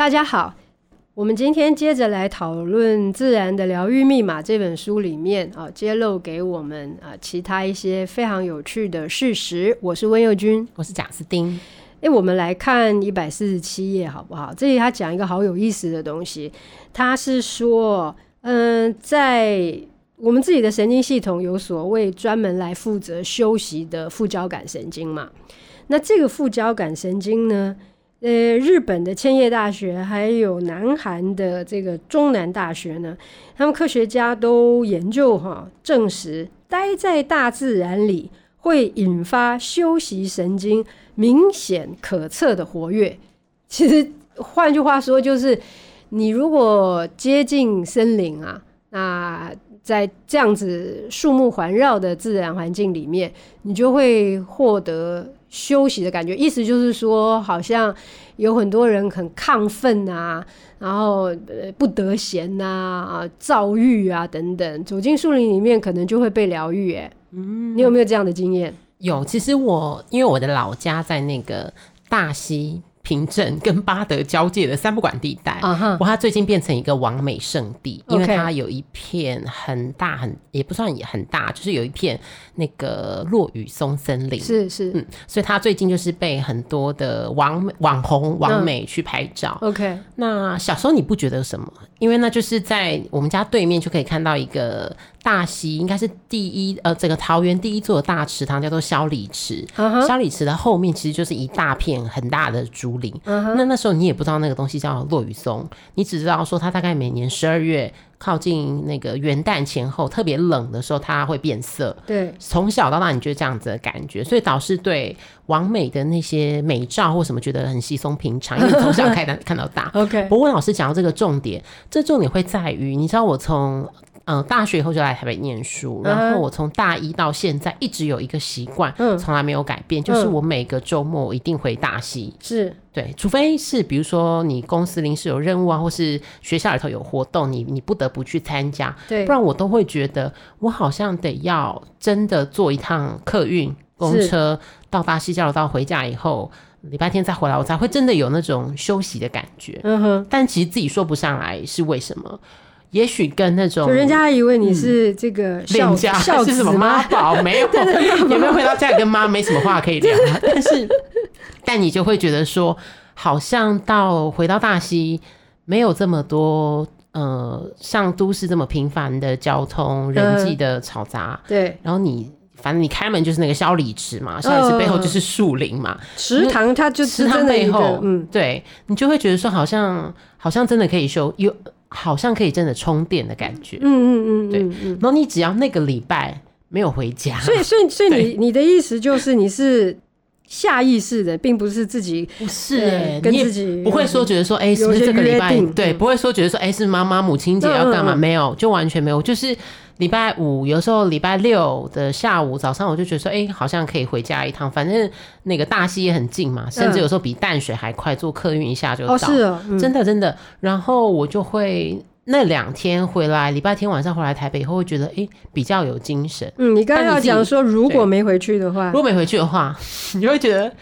大家好，我們今天接着來討論《自然的療癒密碼》這本書裡面啊、呃，揭露給我們啊、呃、其他一些非常有趣的事實。我是溫佑君，我是賈斯丁。欸，我們來看一百四十七頁好不好？這裡他講一個好有意思的東西，他是說，嗯、呃，在我們自己的神經系統有所謂專門來負責休息的副交感神經嘛，那這個副交感神經呢？呃，日本的千葉大學，還有南韓的這個中南大學呢，他們科學家都研究哈，證實待在大自然裡會引發休息神經明顯可測的活躍。其實換句話說，就是你如果接近森林啊，那在這樣子樹木環繞的自然環境裡面，你就會獲得休息的感覺，意思就是說，好像有很多人很亢奮啊，然後、呃、不得閒啊，遭遇啊，躁鬱啊等等，走進樹林裡面可能就會被療癒、欸，誒嗯，你有沒有這樣的經驗？有，其實我因為我的老家在那個大溪。平鎮跟八德交界的三不管地帶啊，哇、uh -huh.，它最近變成一個網美聖地，因為它有一片很大很、okay. 也不算也很大，就是有一片那個落羽松森林，是是，嗯，所以它最近就是被很多的網網紅網美去拍照。Uh -huh. OK，那小時候你不覺得什麼，因為那就是在我們家對面就可以看到一個。大溪應該是第一，呃，這個桃園第一座的大池塘叫做蕭裡池。蕭、uh -huh. 裡池的後面其實就是一大片很大的竹林。Uh -huh. 那那時候你也不知道那個東西叫落羽松，你只知道說它大概每年十二月靠近那個元旦前後特別冷的時候，它會變色。對，從小到大，你覺得這樣子的感覺，所以倒是對網美的那些美照或什麼覺得很稀鬆平常， 因為從小看到看到大。OK，不過老師講到這個重點，這重點會在於，你知道我從。嗯、呃，大學以後就來台北念書，啊、然後我從大一到現在一直有一個習慣，從、嗯、來沒有改變，就是我每個週末我一定回大溪。是、嗯，對，除非是比如說你公司臨時有任務啊，或是學校裡頭有活動，你你不得不去參加，對，不然我都會覺得我好像得要真的坐一趟客運公車到大溪交流道回家以後，禮拜天再回來，我才會真的有那種休息的感覺。嗯哼，但其實自己說不上來是為什麼。也許跟那種人家還以為你是這個孝子、嗯、什麼，媽寶沒有 有沒有回到家裡跟媽 沒什麼話可以聊， 但是但你就會覺得說，好像到回到大溪沒有這麼多呃像都市這麼頻繁的交通人際的嘈雜、呃，對，然後你反正你開門就是那個小禮池嘛，小、呃、禮池背後就是樹林嘛、呃，池塘它就是池塘背後嗯，對你就會覺得說好像好像真的可以修有。好像可以真的充電的感覺，嗯嗯嗯，嗯，對，然後你只要那個禮拜沒有回家所，所以所以所以你你的意思就是你是下意識的，並不是自己不是跟自己不會說覺得說哎，嗯欸、是不是這個禮拜？對，不會說覺得說哎，欸、是媽媽母親節要幹嘛？嗯嗯沒有，就完全沒有，就是。禮拜五有時候禮拜六的下午早上我就覺得說，哎、欸，好像可以回家一趟，反正那個大溪也很近嘛，甚至有時候比淡水還快，坐客運一下就到，嗯。哦，是，嗯，真的真的。然後我就會那兩天回來，禮拜天晚上回來台北以後，會覺得哎、欸，比較有精神。嗯，你剛要講說如果沒回去的話，如果沒回去的話，的話 你會覺得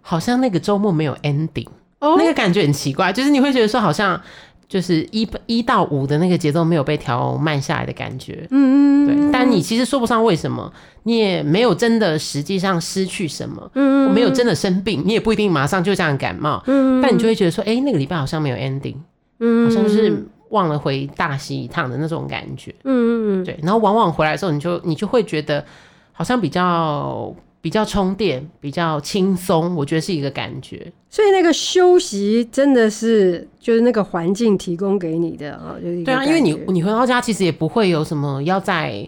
好像那個周末沒有 ending 哦。那個感覺很奇怪，就是你會覺得說好像。就是一一到五的那個節奏沒有被調慢下來的感覺，嗯對。但你其實說不上為什麼，你也沒有真的實際上失去什麼，嗯我沒有真的生病，你也不一定馬上就這樣感冒，嗯。但你就會覺得說，哎、欸，那個禮拜好像沒有 ending，嗯，好像就是忘了回大溪一趟的那種感覺，嗯，嗯對。然後往往回來之後你就你就會覺得好像比較。比較充電，比較輕鬆，我覺得是一個感覺。所以那個休息真的是就是那個環境提供給你的、喔就是。對啊，因為你你回到家其實也不會有什麼要再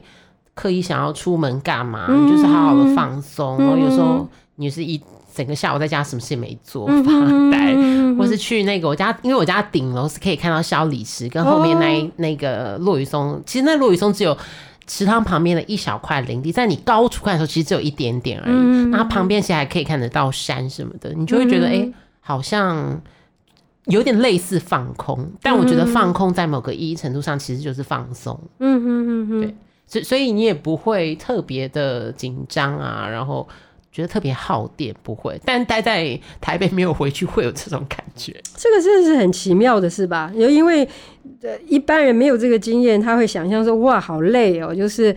刻意想要出門幹嘛、嗯，你就是好好的放鬆、喔。然、嗯、後、嗯、有時候你是一整個下午在家什麼事也沒做發呆，或、嗯嗯、是去那個我家，因為我家頂樓是可以看到小李池跟後面那、哦、那個落羽松。其實那落羽松只有。池塘旁邊的一小塊林地，在你高處看的時候，其實只有一點點而已。那、嗯、旁邊其實還可以看得到山什麼的，你就會覺得，哎、嗯欸，好像有點類似放空。但我覺得放空在某個意義程度上，其實就是放鬆。嗯嗯嗯嗯，對，所所以你也不會特別的緊張啊，然後。覺得特別耗電，不會，但待在台北沒有回去，會有這種感覺。這個真的是很奇妙的，是吧？因為、呃、一般人沒有這個經驗，他會想象說：“哇，好累哦！”就是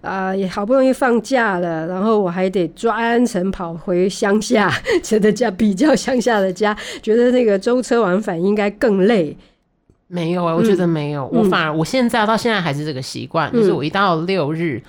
啊、呃，也好不容易放假了，然後我還得專程跑回鄉下，覺得家，比較鄉下的家，覺得那個舟車往返應該更累。沒有啊，我覺得沒有。嗯、我反而我現在到現在還是這個習慣、嗯，就是我一到六日。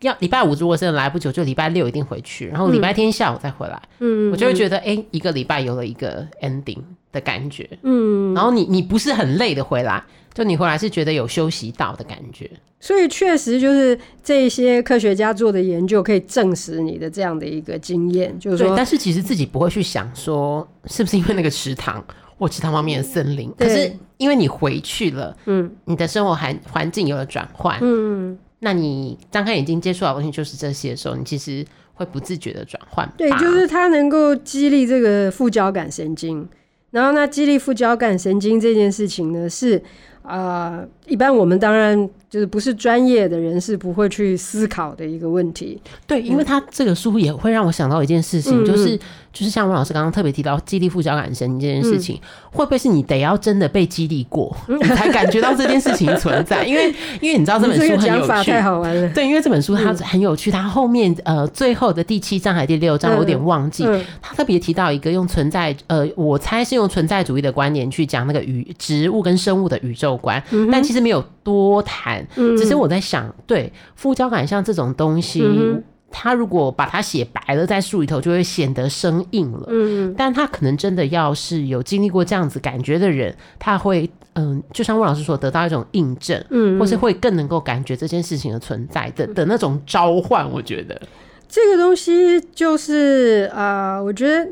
要禮拜五，如果真的來不久，就禮拜六一定回去，然後禮拜天下午再回來。嗯，嗯我就會覺得，哎、欸，一個禮拜有了一個 ending 的感覺。嗯，然後你你不是很累的回來，就你回來是覺得有休息到的感覺。所以確實就是這些科學家做的研究可以證實你的這樣的一個經驗，就是對但是其實自己不會去想說是不是因為那個池塘或池塘旁邊的森林，但、嗯、是因為你回去了，嗯，你的生活還環境有了轉換，嗯。那你張開眼睛接觸的東西就是這些的時候，你其實會不自覺的轉換。對，就是它能夠激勵這個副交感神經，然後那激勵副交感神經這件事情呢，是啊、呃，一般我們當然。就是不是專業的人士不會去思考的一個問題。對，因為他這個書也會讓我想到一件事情，嗯、就是、嗯、就是像溫老師剛剛特別提到激勵副交感神經這件事情、嗯，會不會是你得要真的被激勵過、嗯，你才感覺到這件事情存在？嗯、因為因為你知道這本書很有趣法好玩，對，因為這本書它很有趣，嗯、它後面呃最後的第七章還第六章、嗯、我有點忘記，他、嗯、特別提到一個用存在呃，我猜是用存在主義的觀點去講那個宇植物跟生物的宇宙觀，嗯、但其實沒有多談。嗯，只是我在想，對副交感像這種東西，他、嗯、如果把它寫白了在書裡頭，就會顯得生硬了。嗯，但他可能真的要是有經歷過這樣子感覺的人，他會嗯、呃，就像溫老師說，得到一種印證，嗯，或是會更能夠感覺這件事情的存在的的那種召喚。我覺得這個東西就是啊、呃，我覺得。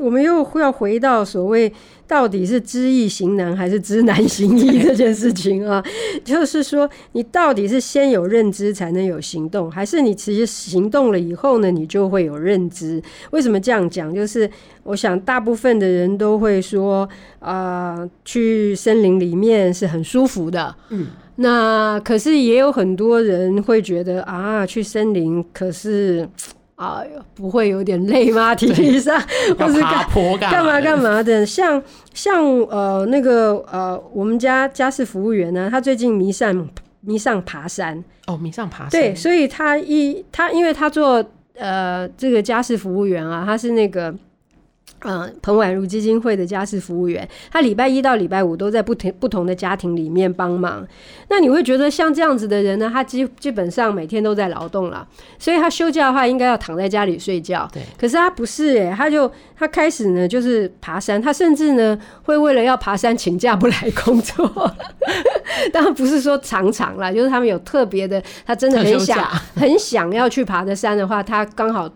我們又會要回到所謂到底是知易行難還是知難行易這件事情啊，就是說你到底是先有認知才能有行動，還是你其實行動了以後呢，你就會有認知？為什麼這樣講？就是我想大部分的人都會說啊、呃，去森林裡面是很舒服的。嗯，那可是也有很多人會覺得啊，去森林可是。哎、呃、呦，不會有點累嗎？體力上，或是幹嘛幹嘛幹嘛的，幹嘛幹嘛的 像像呃那個呃，我們家家事服務員呢，他最近迷上迷上爬山哦，迷上爬山，對，所以他一他因為他做呃這個家事服務員啊，他是那個。嗯、呃，彭婉如基金會的家事服務員，他禮拜一到禮拜五都在不同不同的家庭裡面幫忙。那你會覺得像這樣子的人呢，他基基本上每天都在勞動了，所以他休假的話，應該要躺在家裡睡覺。對。可是他不是哎、欸，他就他開始呢，就是爬山。他甚至呢，會為了要爬山請假不來工作。當 然 不是說常常啦，就是他們有特別的，他真的很想 很想要去爬的山的話，他剛好。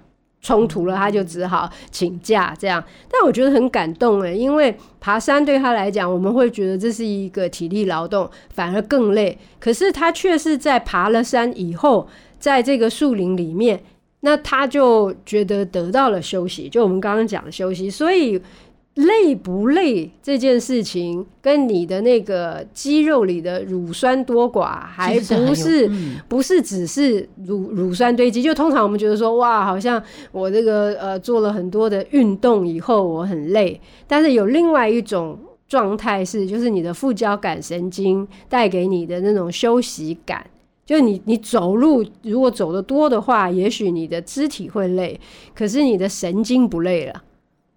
衝突了，他就只好請假這樣。但我覺得很感動哎，因為爬山對他來講，我們會覺得這是一個體力勞動，反而更累。可是他卻是在爬了山以後，在這個樹林裡面，那他就覺得得到了休息。就我們剛剛講的休息，所以。累不累這件事情，跟你的那個肌肉裡的乳酸多寡，還不是，是，是還、嗯、不是只是乳乳酸堆積。就通常我們覺得說，哇，好像我這個呃做了很多的運動以後我很累，但是有另外一種狀態是，就是你的副交感神經帶給你的那種休息感。就你你走路如果走得多的話，也許你的肢體會累，可是你的神經不累了。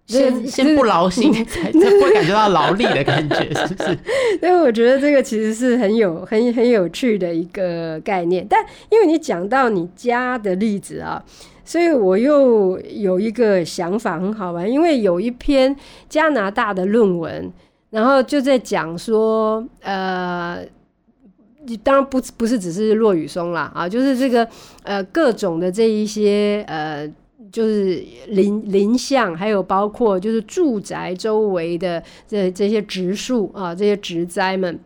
先先不勞心才，才不會感覺到勞力的感覺， 是不是？因為我覺得這個其實是很有很很有趣的一個概念。但因為你講到你家的例子啊，所以我又有一個想法，很好玩。因為有一篇加拿大的論文，然後就在講說，呃，當然不不是只是落羽松啦，啊，就是這個呃各種的這一些呃。就是林林巷，還有包括就是住宅周圍的這這些植樹啊，這些植栽、呃、們，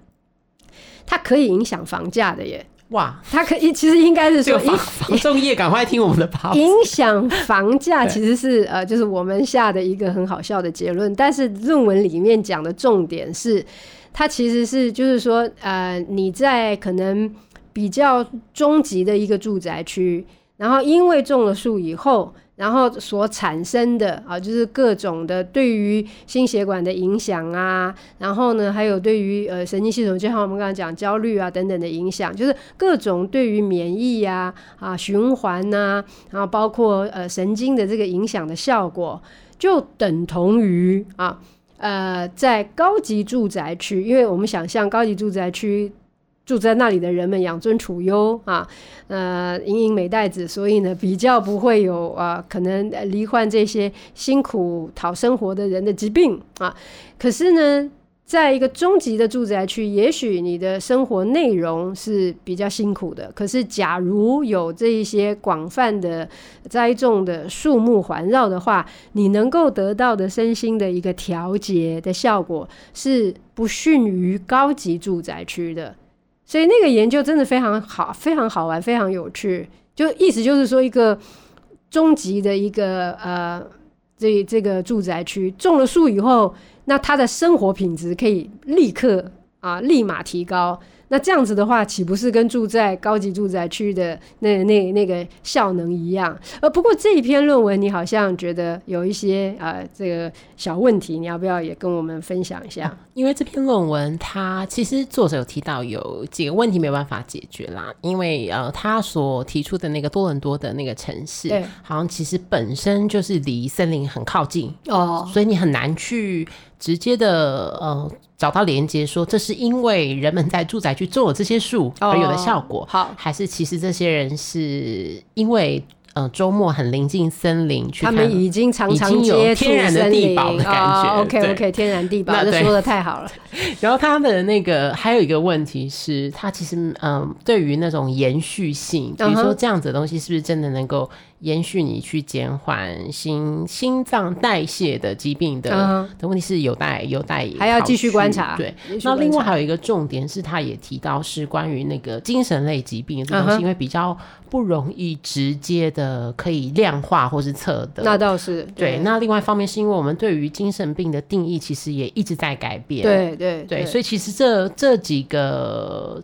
它可以影響房價的耶！哇，它可以其實應該是說，房仲業趕快聽我們的吧。影響房價其實是呃，就是我們下的一個很好笑的結論。但是論文裡面講的重點是，它其實是就是說，呃，你在可能比較中級的一個住宅區，然後因為種了樹以後。然後所產生的啊，就是各種的對於心血管的影響啊，然後呢，還有對於呃神經系統，就像我們剛才講焦慮啊等等的影響，就是各種對於免疫呀、啊、啊循環吶、啊，然後包括呃神經的這個影響的效果，就等同於啊呃在高級住宅區，因為我們想象高級住宅區。住在那裡的人們養尊處優啊，呃，櫻櫻美代子，所以呢，比較不會有啊，可能罹患這些辛苦討生活的人的疾病啊。可是呢，在一個中級的住宅區，也許你的生活內容是比較辛苦的。可是假如有這一些廣泛的栽種的樹木環繞的話，你能夠得到的身心的一個調節的效果，是不遜於高級住宅區的。所以那個研究真的非常好，非常好玩，非常有趣。就意思就是說，一個終極的一個呃，這這個住宅區種了樹以後，那它的生活品質可以立刻啊、呃、立馬提高。那這樣子的話，豈不是跟住在高級住宅區的那個、那那個效能一樣？呃，不過這一篇論文，你好像覺得有一些啊、呃、這個小問題，你要不要也跟我們分享一下？因為這篇論文，它其實作者有提到有幾個問題沒有辦法解決啦。因為呃，他所提出的那個多倫多的那個城市，好像其實本身就是離森林很靠近哦，所以你很難去直接的呃找到連接，說這是因為人們在住宅區種了這些樹而有的效果，好，還是其實這些人是因為。嗯、呃，周末很臨近森林去看，他們已經常常接觸森林，已經有天然地堡的感覺。哦哦、OK，OK，okay, okay, 天然地堡，這說得太好了。然後他的那個還有一個問題是，他其實嗯、呃，對於那種延續性、嗯，比如說這樣子的東西，是不是真的能夠？延續你去減緩心心臟代謝的疾病的、嗯、的問題是有待有待也還要繼續觀察對，觀察。那另外還有一個重點是，他也提到是關於那個精神類疾病這個東西、嗯，因為比較不容易直接的可以量化或是測的、嗯。那倒是對，對。那另外一方面是因為我們對於精神病的定義其實也一直在改變。對對對，對，所以其實這這幾個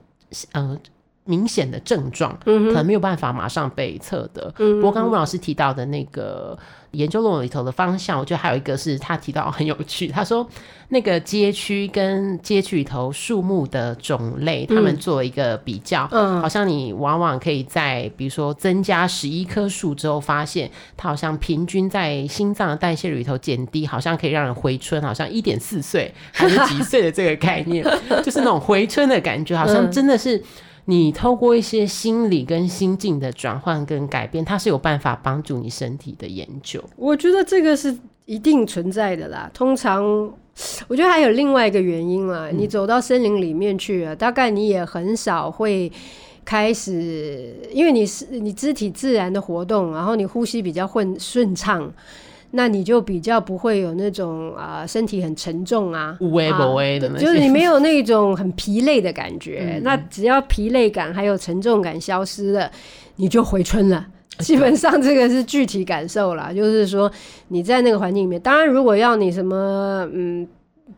呃。明顯的症狀，可能沒有辦法馬上被測的、嗯。不過，剛剛溫老師提到的那個研究論文裡頭的方向，我覺得還有一個是他提到很有趣。他說，那個街區跟街區裡頭樹木的種類，他們做一個比較、嗯，好像你往往可以在，比如說增加十一棵樹之後，發現它好像平均在心臟的代謝裡頭減低，好像可以讓人回春，好像一點四歲還是幾歲的這個概念， 就是那種回春的感覺，好像真的是。你透過一些心理跟心境的轉換跟改變，它是有辦法幫助你身體的研究。我覺得這個是一定存在的啦。通常，我覺得還有另外一個原因啦、啊。你走到森林裡面去啊、嗯，大概你也很少會開始，因為你是你肢體自然的活動，然後你呼吸比較混順暢。順暢。那你就比較不會有那種啊、呃，身體很沉重啊，無為不為的那些、啊、就是你沒有那種很疲累的感覺。 那只要疲累感還有沉重感消失了，你就回春了。基本上這個是具體感受啦， 就是說你在那個環境裡面。當然，如果要你什麼，嗯。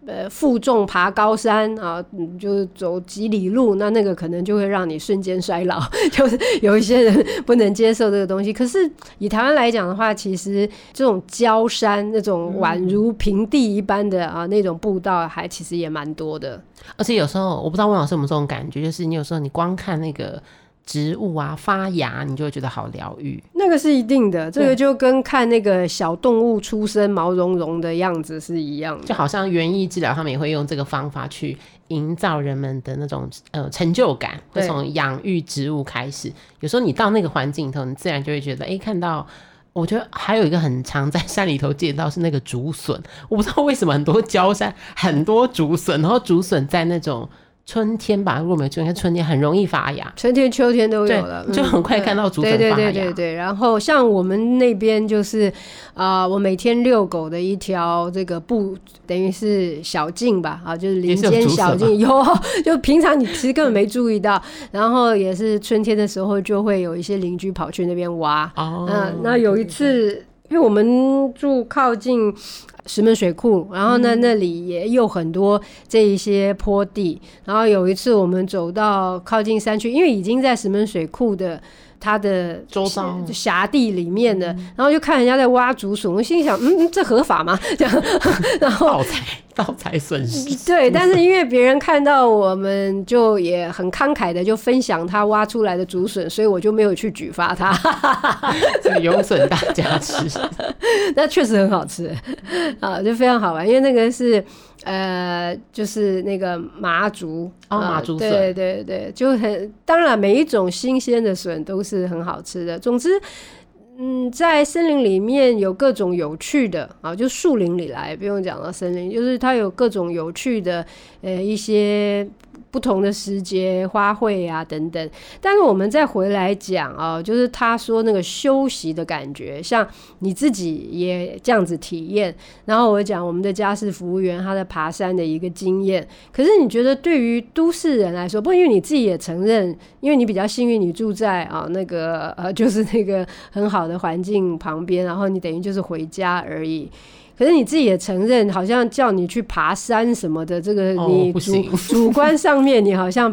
呃，負重爬高山啊，就是走幾里路，那那個可能就會讓你瞬間衰老，就是有一些人不能接受這個東西。 可是以台灣來講的話，其實這種郊山那種宛如平地一般的、嗯、啊，那種步道還其實也蠻多的。而且有時候我不知道溫老師有沒有這種感覺，就是你有時候你光看那個。植物啊發芽，你就會覺得好療癒。那個是一定的，這個就跟看那個小動物出生、嗯、毛茸茸的樣子是一樣的。就好像園藝治療，他們也會用這個方法去營造人們的那種呃成就感，會從養育植物開始。有時候你到那個環境裡頭，你自然就會覺得，哎、欸，看到我覺得還有一個很常在山裡頭見到是那個竹筍，我不知道為什麼很多礁山很多竹筍，然後竹筍在那種。春天吧，如果沒有春天，春天很容易發芽。春天、秋天都有了，就很快看到竹筍、嗯、對，對對對對對。然後像我們那邊就是，啊、呃，我每天遛狗的一條這個步，等於是小徑吧，啊，就是林間小徑，有，有，就平常你其實根本沒注意到。 然後也是春天的時候，就會有一些鄰居跑去那邊挖。啊、哦，嗯、呃，那有一次。對對對對因為我們住靠近石門水庫，然後呢，嗯，那裡也有很多這一些坡地。然後有一次我們走到靠近山區，因為已經在石門水庫的。他的周遭轄地裡面的、嗯，然後就看人家在挖竹筍，我心裡想，嗯，這合法嗎？這樣，然後倒財倒財損失。對，但是因為別人看到我們就也很慷慨的就分享他挖出來的竹筍，所以我就沒有去舉發他，這個有 損大家吃。 那確實很好吃啊，就非常好玩，因為那個是。呃，就是那個麻竹啊、oh, 呃，麻竹筍，對對對，就很當然，每一種新鮮的筍都是很好吃的。總之，嗯，在森林裡面有各種有趣的啊、哦，就樹林裡來不用講到森林，就是它有各種有趣的呃一些。不同的時節、花卉啊等等，但是我們再回來講哦、呃，就是他說那個休息的感覺，像你自己也這樣子體驗。然後我講我們的家事服務員他在爬山的一個經驗，可是你覺得對於都市人來說，不因為你自己也承認，因為你比較幸運，你住在啊、呃、那個呃就是那個很好的環境旁邊，然後你等於就是回家而已。可是你自己也承認，好像叫你去爬山什麼的，這個你主、Oh, 主觀上面你好像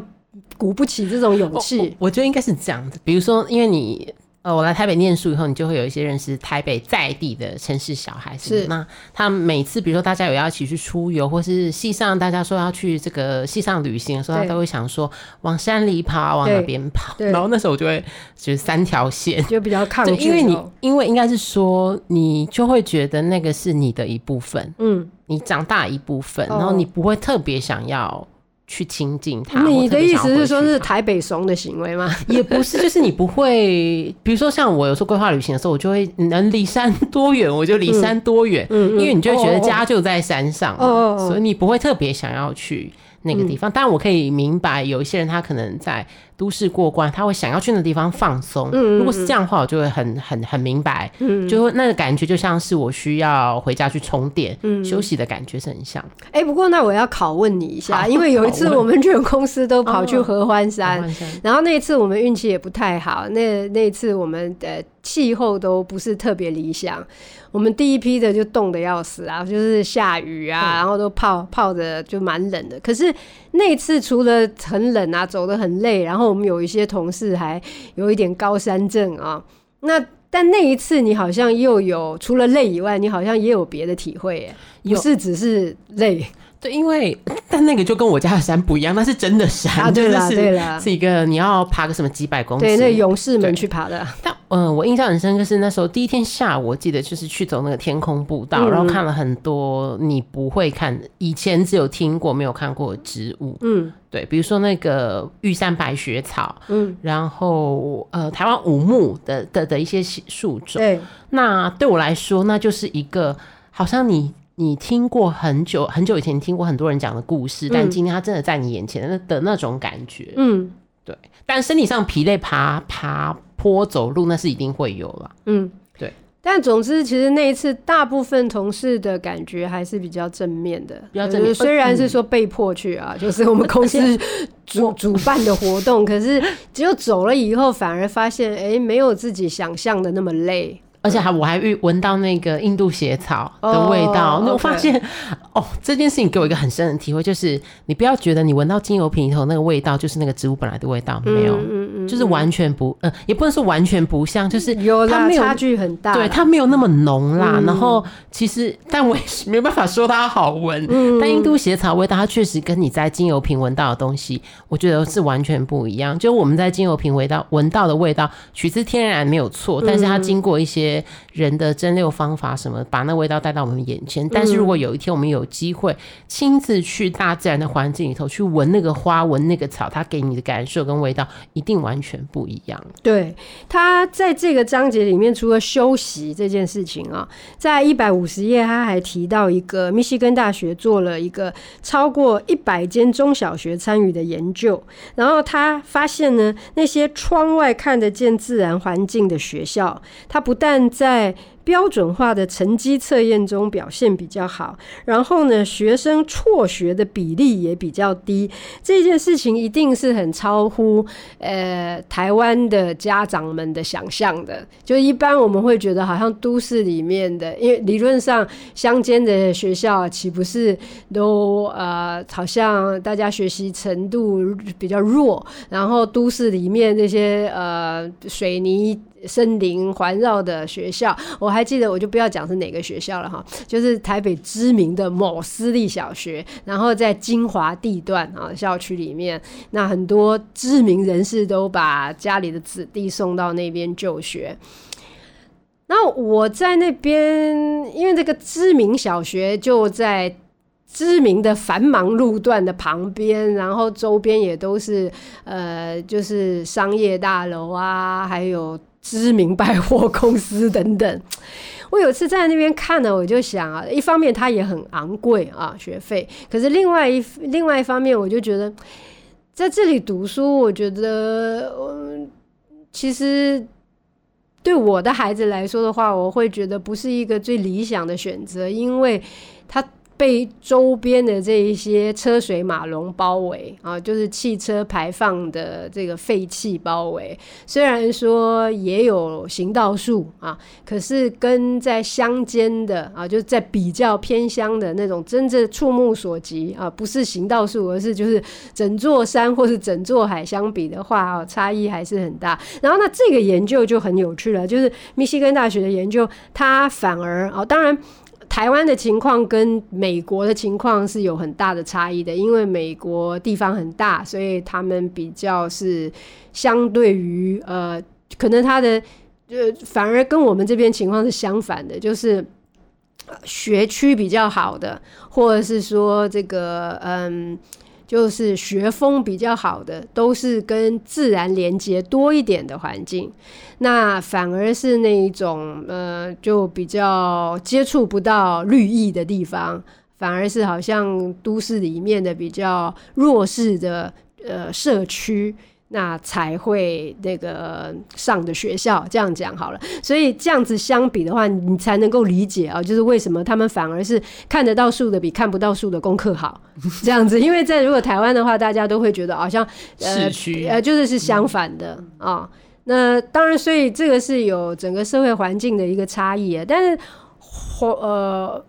鼓不起這種勇氣。Oh, 我覺得應該是這樣的，比如說，因為你。呃，我來台北念書以後，你就會有一些認識台北在地的城市小孩子。是，那他每次，比如說大家有要一起去出遊，或是系上，大家說要去這個系上旅行的時候，他都會想說往山裡跑，往那邊跑。對。然後那時候我就會就是三條線，就比較抗拒，因為你因為應該是說你就會覺得那個是你的一部分，嗯，你長大一部分，然後你不會特別想要。去親近他，你的意思是說是台北慫的行為嗎？也不是，就是你不會，比如說像我有時候規劃旅行的時候，我就會能離山多遠，我就離山多遠、嗯嗯嗯，因為你就會覺得家就在山上、哦，所以你不會特別想要去。那個地方，當、嗯、然我可以明白，有一些人他可能在都市過關，他會想要去那個地方放鬆。嗯，如果是這樣的話，我就會很很很明白，嗯、就會，那個感覺就像是我需要回家去充電、嗯、休息的感覺是很像。哎、欸，不過那我要考問你一下，因為有一次我們全公司都跑去合歡山、哦、合歡山，然後那一次我們運氣也不太好，那那一次我們的氣候都不是特別理想。我們第一批的就凍得要死啊，就是下雨啊，嗯、然後都泡泡着就蠻冷的。可是那一次除了很冷啊，走得很累，然後我們有一些同事還有一點高山症啊。那但那一次你好像又有除了累以外，你好像也有別的體會耶，不是只是累。對，因為但那個就跟我家的山不一樣，那是真的山，對、啊、了，對了，是一個你要爬個什麼幾百公里，對，那個、勇士們去爬的。但嗯、呃，我印象很深，就是那時候第一天下午，我記得就是去走那個天空步道，嗯、然後看了很多你不會看，以前只有聽過沒有看過的植物，嗯，對，比如說那個玉山白雪草，嗯，然後呃，台灣五木的的的一些樹種，對，那對我來說，那就是一個好像你。你聽過很久很久以前你聽過很多人講的故事，但今天他真的在你眼前的那、嗯、的那種感覺，嗯，對。但身體上疲累爬爬坡走路那是一定會有了，嗯，對。但總之，其實那一次大部分同事的感覺還是比較正面的，比較正面。就是、雖然是說被迫去啊，嗯、就是我們公司主 主辦的活動，可是只有走了以後，反而發現哎、欸，沒有自己想象的那麼累。而且還我還聞到那個印度血草的味道，oh, okay. 那我發現哦，這件事情給我一個很深的體會，就是你不要覺得你聞到精油瓶裡頭那個味道就是那個植物本來的味道，嗯、沒有、嗯，就是完全不，嗯、呃、也不能說完全不像，就是它沒有，有差距很大，對，它沒有那麼濃啦、嗯。然後其實，但我也是沒辦法說它好聞、嗯，但印度血草味道它確實跟你在精油瓶聞到的東西，我覺得是完全不一樣。就我們在精油瓶聞到聞到的味道，取自天然沒有錯，但是它經過一些。人的蒸餾方法什麼，把那味道帶到我們眼前。但是如果有一天我們有機會親自去大自然的環境裡頭去聞那個花，聞那個草，它給你的感受跟味道一定完全不一樣。對，他在這個章節裡面，除了休息這件事情啊，在一百五十頁，他還提到一個密西根大學做了一個超過一百間中小學參與的研究，然後他發現呢，那些窗外看得見自然環境的學校，它不但在標準化的成績測驗中表現比較好，然後呢，學生輟學的比例也比較低。這件事情一定是很超乎呃台灣的家長們的想象的。就一般我們會覺得好像都市裡面的，因為理論上鄉間的學校豈不是都呃好像大家學習程度比較弱，然後都市裡面那些呃水泥。森林環繞的學校，我還記得，我就不要講是哪個學校了哈，就是台北知名的某私立小學，然後在精華地段啊校區裡面，那很多知名人士都把家裡的子弟送到那邊就學。那我在那邊，因為這個知名小學就在知名的繁忙路段的旁邊，然後周邊也都是呃，就是商業大樓啊，還有。知名百貨公司等等，我有次在那邊看呢、啊，我就想啊，一方面它也很昂貴啊，學費，可是另外一另外一方面，我就覺得在這裡讀書，我覺得、嗯，其實對我的孩子來說的話，我會覺得不是一個最理想的選擇，因為他。被周邊的這一些車水馬龍包圍啊，就是汽車排放的這個廢氣包圍。雖然說也有行道樹啊，可是跟在鄉間的啊，就是在比較偏鄉的那種，真正觸目所及啊，不是行道樹，而是就是整座山或是整座海相比的話啊，差異還是很大。然後那這個研究就很有趣了，就是密西根大學的研究，它反而啊、哦，當然。台灣的情況跟美國的情況是有很大的差異的，因為美國地方很大，所以他們比較是相對於呃，可能他的就反而跟我們這邊情況是相反的，就是學區比較好的，或者是說這個嗯。就是學風比較好的，都是跟自然連接多一點的環境。那反而是那一種，呃，就比較接觸不到綠意的地方，反而是好像都市裡面的比較弱勢的呃社區。那才會那個上的學校，這樣講好了。所以這樣子相比的話，你才能夠理解啊，就是為什麼他們反而是看得到樹的比看不到樹的功課好這樣子。因為在如果台灣的話，大家都會覺得好像呃，就是是相反的啊。那當然，所以這個是有整個社會環境的一個差異，欸，但是或呃。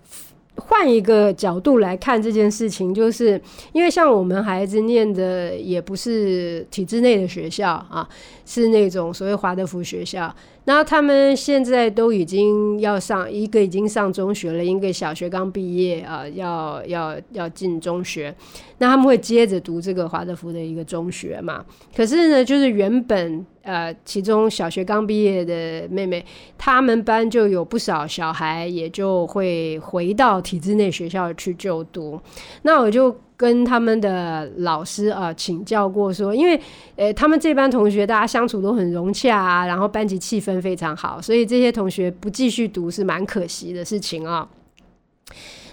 換一個角度來看這件事情，就是因為像我們孩子念的也不是體制內的學校啊，是那種所謂華德福學校。那他們現在都已經要上，一個已經上中學了，一個小學剛畢業啊，要要要進中學。那他們會接着讀這個華德福的一個中學嘛。可是呢，就是原本呃，其中小學剛畢業的妹妹，他們班就有不少小孩也就會回到體制內學校去就讀。那我就跟他們的老師啊，呃，請教過說，因為呃，欸，他們這班同學大家相處都很融洽啊，然後班級氣氛非常好，所以這些同學不繼續讀是蠻可惜的事情啊，喔。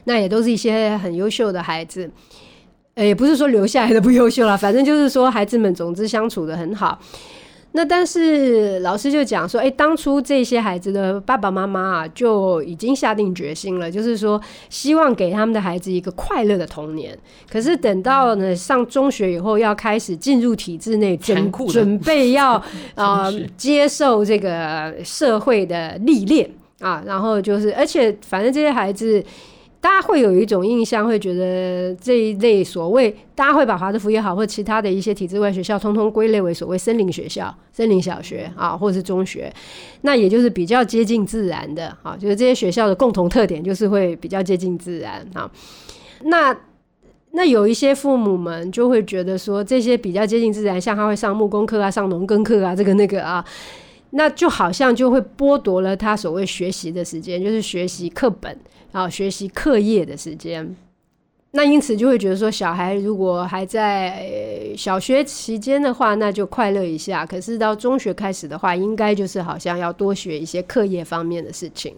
那也都是一些很優秀的孩子。哎、欸，也不是說留下來的不優秀了，反正就是說孩子們，總之相處的很好。那但是老師就講說，哎、欸，當初這些孩子的爸爸媽媽啊，就已經下定決心了，就是說希望給他們的孩子一個快樂的童年。可是等到呢、嗯、上中學以後，要開始進入體制內，準準備要啊、 呃、接受這個社會的歷練啊，然後就是，而且反正這些孩子。大家會有一種印象，會覺得這一類所謂，大家會把華德福也好，或其他的一些體制外學校，通通歸類為所謂森林學校、森林小學啊，或是中學，那也就是比較接近自然的哈、啊，就是這些學校的共同特點，就是會比較接近自然啊。那那有一些父母們就會覺得說，這些比較接近自然，像他會上木工課啊，上農耕課啊，這個那個啊，那就好像就會剝奪了他所謂學習的時間，就是學習課本。好，學習課業的時間，那因此就會覺得說，小孩如果還在、欸、小學期間的話，那就快樂一下；可是到中學開始的話，應該就是好像要多學一些課業方面的事情。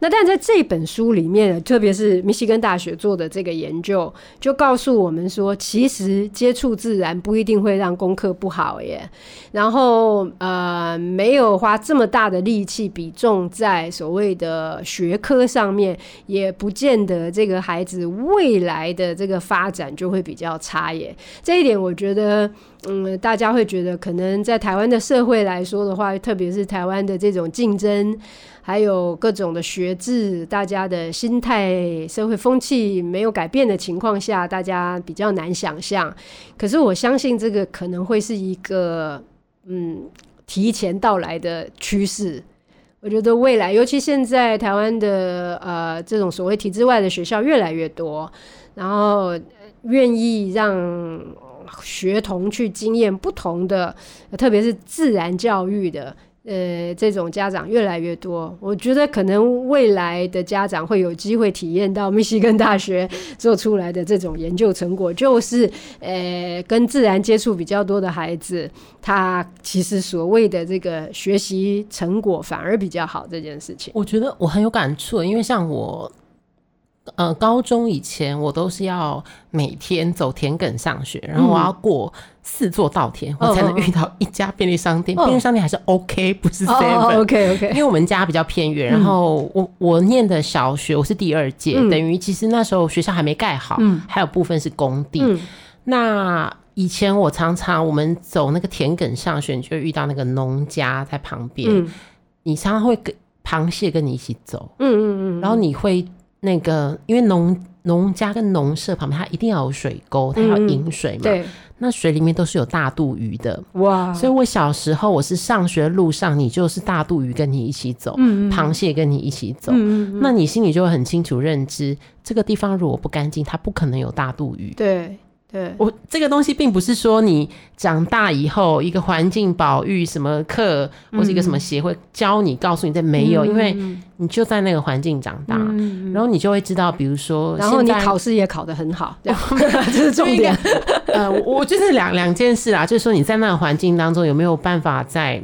那但在這本書裡面，特別是密西根大學做的這個研究，就告訴我們說，其實接觸自然不一定會讓功課不好耶。然後，呃，沒有花這麼大的力氣比重在所謂的學科上面，也不見得這個孩子未來的這個發展就會比較差耶。這一點我覺得。嗯，大家會覺得可能在台灣的社會來說的話，特別是台灣的這種競爭，還有各種的學制，大家的心態、社會風氣沒有改變的情況下，大家比較難想象。可是我相信這個可能會是一個嗯提前到來的趨勢。我覺得未來，尤其現在台灣的呃這種所謂體制外的學校越來越多，然後，呃，願意讓。學童去經驗不同的，特別是自然教育的，呃，這種家長越來越多。我覺得可能未來的家長會有機會體驗到密西根大學做出來的這種研究成果，就是，呃，跟自然接觸比較多的孩子，他其實所謂的這個學習成果反而比較好，這件事情。我覺得我很有感觸，因為像我。呃，高中以前我都是要每天走田埂上學、嗯，然後我要過四座稻田、嗯，我才能遇到一家便利商店。哦、便利商店還是 OK，哦、不是 seven，OK OK。因為我們家比較偏遠、嗯，然後我我念的小學我是第二屆、嗯，等於其實那時候學校還沒蓋好、嗯，還有部分是工地、嗯。那以前我常常我們走那個田埂上學，你就會遇到那個農家在旁邊、嗯，你常常會跟螃蟹跟你一起走，嗯嗯嗯，然後你會。那個，因為農農家跟農舍旁邊，它一定要有水溝，它要飲水嘛、嗯。對，那水裡面都是有大肚魚的。哇！所以我小時候，我是上學的路上，你就是大肚魚跟你一起走，嗯嗯嗯，螃蟹跟你一起走，嗯嗯嗯，那你心裡就會很清楚認知，這個地方如果不乾淨，它不可能有大肚魚。對。對，我這個東西並不是說你長大以後一個環境保育什麼課、嗯，或者一個什麼協會教你、告訴你，這沒有、嗯，因為你就在那個環境長大、嗯，然後你就會知道，比如說，然後你考試也考得很好，這、嗯、 就是重點 呃，我覺得兩兩件事啦、啊，就是說你在那個環境當中有沒有辦法在。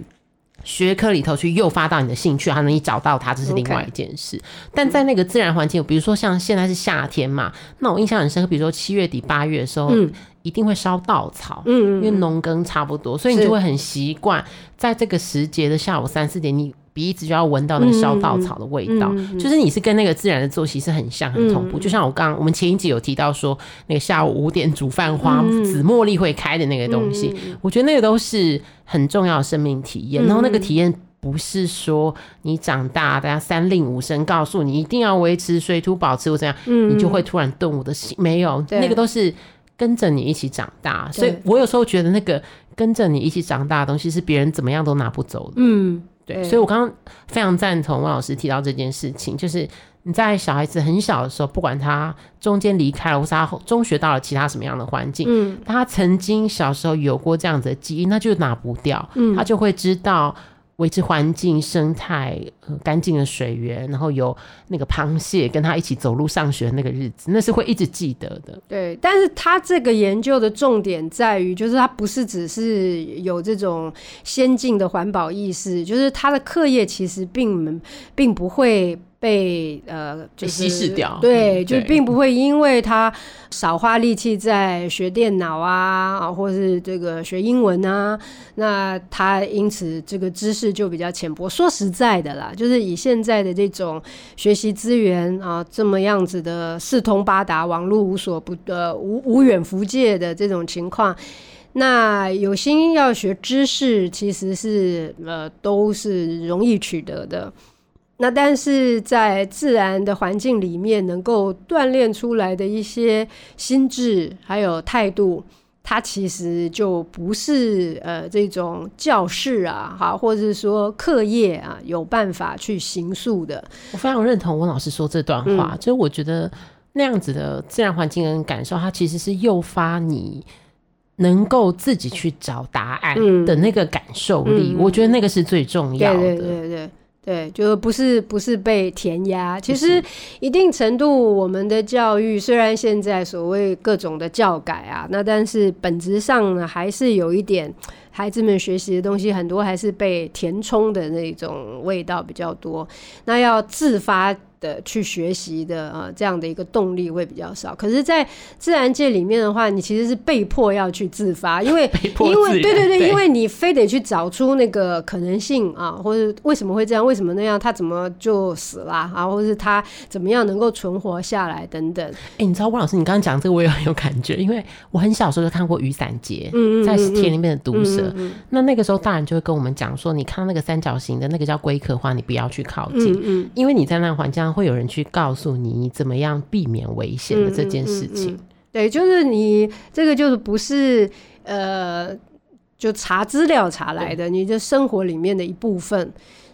學科裡頭去誘發到你的興趣，還能找到它，這是另外一件事。Okay. 但在那個自然環境，比如說像現在是夏天嘛，那我印象很深，比如說七月底八月的時候，嗯，一定會燒稻草，因為農耕差不多，嗯嗯，所以你就會很習慣在這個時節的下午三四點，你。一直就要聞到那個燒稻草的味道、嗯嗯嗯，就是你是跟那個自然的作息是很像、很同步。嗯、就像我剛剛我們前一集有提到說，那個下午五點煮飯花、嗯、紫茉莉會開的那個東西、嗯，我覺得那個都是很重要的生命體驗、嗯。然後那個體驗不是說你長大、嗯、大家三令五申告訴你一定要維持水土保持我怎樣、嗯，你就會突然頓悟的心，沒有，那個都是跟着你一起長大。所以我有時候覺得那個跟着你一起長大的東西是別人怎麼樣都拿不走的。嗯。所以，我剛剛非常贊同溫老師提到這件事情，就是你在小孩子很小的時候，不管他中間離開了，或是他中學到了其他什麼樣的環境，嗯、他曾經小時候有過這樣子的記憶，那就拿不掉，他就會知道。嗯維持環境生態，呃，乾淨的水源，然後有那個螃蟹跟他一起走路上學那個日子，那是會一直記得的。對，但是他這個研究的重點在於，就是他不是只是有這種先進的環保意識，就是他的課業其實並並不會。被呃，就是稀釋掉對、嗯，對，就並不會因為他少花力氣在學電腦啊，啊，或是這個學英文啊，那他因此這個知識就比較淺薄。說實在的啦，就是以現在的這種學習資源啊，這麼樣子的四通八達，網絡無所不呃無無遠弗屆的這種情況，那有心要學知識，其實是呃都是容易取得的。那但是在自然的環境裡面，能夠鍛鍊出來的一些心智還有態度，它其實就不是呃這種教室啊，或者說課業啊，有辦法去形塑的。我非常認同溫老師說這段話，嗯、就是我覺得那樣子的自然環境跟感受，它其實是誘發你能夠自己去找答案的那個感受力、嗯嗯。我覺得那個是最重要的。對對對，對。對，就不是不是被填鴨。其實，一定程度，我們的教育雖然現在所謂各種的教改啊，那但是本質上呢，還是有一點，孩子們學習的東西很多還是被填充的那種味道比較多。那要自發。的去學習的啊、呃，這樣的一個動力會比較少。可是，在自然界裡面的話，你其實是被迫要去自發，因為被迫，因為對對對，對，因為你非得去找出那個可能性啊、呃，或者為什麼會這樣，為什麼那樣，它怎麼就死了啊，或者是它怎麼樣能夠存活下來等等。哎、欸，你知道，溫老師，你剛剛講這個我也很有感覺，因為我很小時候就看過雨傘節，嗯嗯嗯嗯，在田裡面的毒蛇。嗯嗯嗯嗯，那那個時候，大人就會跟我們講說，你看到那個三角形的那個叫龜殼花，你不要去靠近，嗯嗯，因為你在那個環境。會有人去告訴你你怎麼樣避免危險的這件事情。嗯嗯嗯、對，就是你這個就是不是呃，就查資料查來的，你就生活裡面的一部分，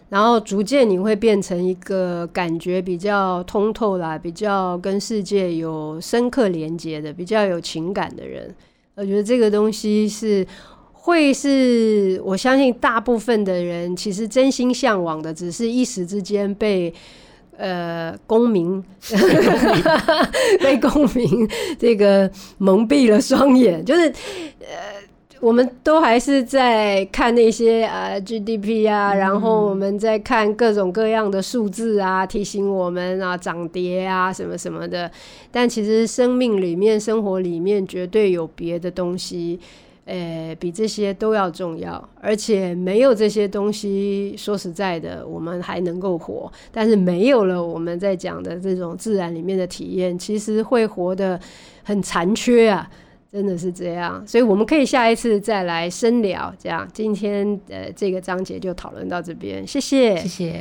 然後逐漸你會變成一個感覺比較通透啦，比較跟世界有深刻連接的，比較有情感的人。我覺得這個東西是會是我相信大部分的人其實真心向往的，只是一時之間被。呃，公民 被公民這個蒙蔽了雙眼，就是呃，我們都還是在看那些啊、呃、GDP 啊、嗯，然後我們在看各種各樣的數字啊，提醒我們啊漲跌啊什麼什麼的。但其實生命裡面、生活裡面絕對有別的東西。呃，比這些都要重要，而且沒有這些東西，說實在的，我們還能夠活。但是沒有了我們在講的這種自然裡面的體驗，其實會活得很殘缺啊，真的是這樣。所以我們可以下一次再來深聊。這樣，今天呃這個章節就討論到這邊，謝謝，謝謝。